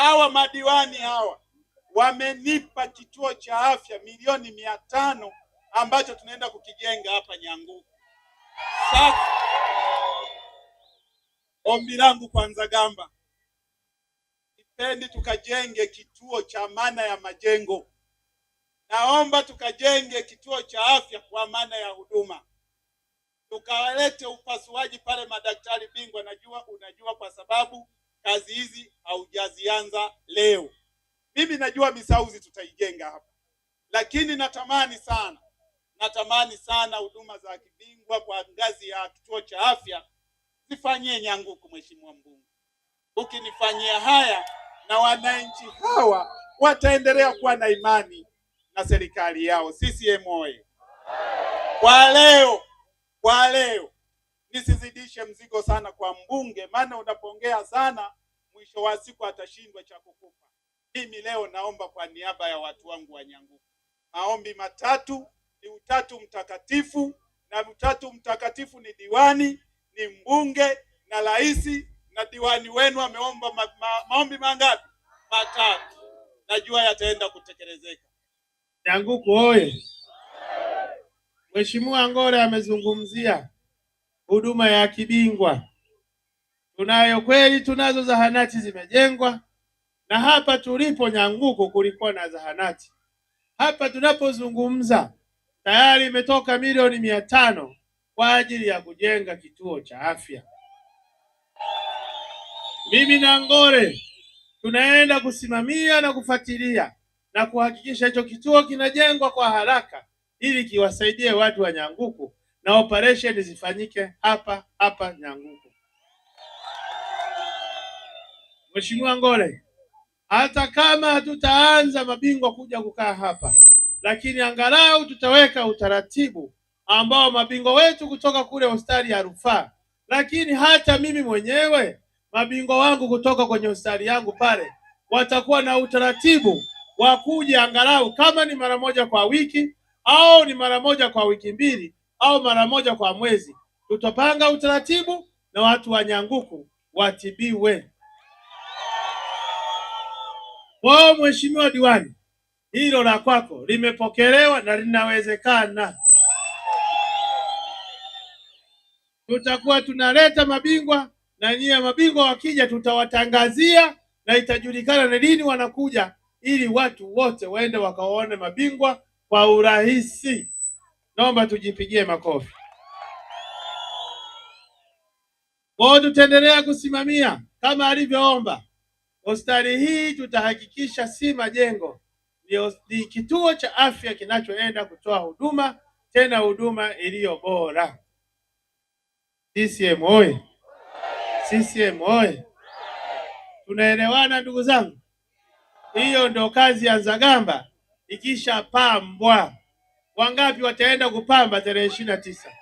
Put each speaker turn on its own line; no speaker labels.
hawa madiwani hawa wamenipa kituo cha afya milioni mia tano ambacho tunaenda kukijenga hapa Nyanguku. Sasa ombi langu kwanza, Gamba, nipendi tukajenge kituo cha maana ya majengo, naomba tukajenge kituo cha afya kwa maana ya huduma, tukawalete upasuaji pale madaktari bingwa. Najua unajua kwa sababu kazi hizi haujazianza leo. Mimi najua Misauzi tutaijenga hapa, lakini natamani sana, natamani sana huduma za kibingwa kwa ngazi ya kituo cha afya zifanyie Nyanguku. Mheshimiwa Mbunge, ukinifanyia haya na wananchi hawa wataendelea kuwa na imani na serikali yao. CCM oyee! Kwa leo, kwa leo nisizidishe mzigo sana kwa mbunge, maana unapongea sana mwisho wa siku atashindwa cha kukupa. Mimi leo naomba kwa niaba ya watu wangu wa Nyanguku, maombi matatu ni Utatu Mtakatifu, na Utatu Mtakatifu ni diwani, ni mbunge na rais. Na diwani wenu ameomba ma ma maombi mangapi? Matatu. Najua yataenda kutekelezeka.
Nyanguku oye! Mheshimiwa ngore amezungumzia huduma ya kibingwa Tunayo kweli, tunazo zahanati zimejengwa, na hapa tulipo Nyanguku kulikuwa na zahanati. Hapa tunapozungumza tayari imetoka milioni mia tano kwa ajili ya kujenga kituo cha afya. Mimi na ngore tunaenda kusimamia na kufuatilia na kuhakikisha hicho kituo kinajengwa kwa haraka ili kiwasaidie watu wa Nyanguku na operesheni zifanyike hapa hapa Nyanguku. Mheshimiwa Ngole, hata kama hatutaanza mabingwa kuja kukaa hapa, lakini angalau tutaweka utaratibu ambao mabingwa wetu kutoka kule hospitali ya rufaa, lakini hata mimi mwenyewe mabingwa wangu kutoka kwenye hospitali yangu pale watakuwa na utaratibu wa kuja angalau kama ni mara moja kwa wiki au ni mara moja kwa wiki mbili au mara moja kwa mwezi. Tutapanga utaratibu na watu wa Nyanguku watibiwe. Kwa hiyo mheshimiwa diwani, hilo la kwako limepokelewa na linawezekana. Tutakuwa tunaleta mabingwa na nyie mabingwa wakija, tutawatangazia na itajulikana ni lini wanakuja, ili watu wote waende wakaone mabingwa kwa urahisi. Naomba tujipigie makofi. Kwa hiyo tutaendelea kusimamia kama alivyoomba Hospitali hii tutahakikisha si majengo, ni kituo cha afya kinachoenda kutoa huduma, tena huduma iliyo bora. CCM oye! CCM oye! Tunaelewana ndugu zangu, hiyo ndio kazi ya Nzagamba ikishapambwa. Wangapi wataenda kupamba tarehe ishirini na tisa?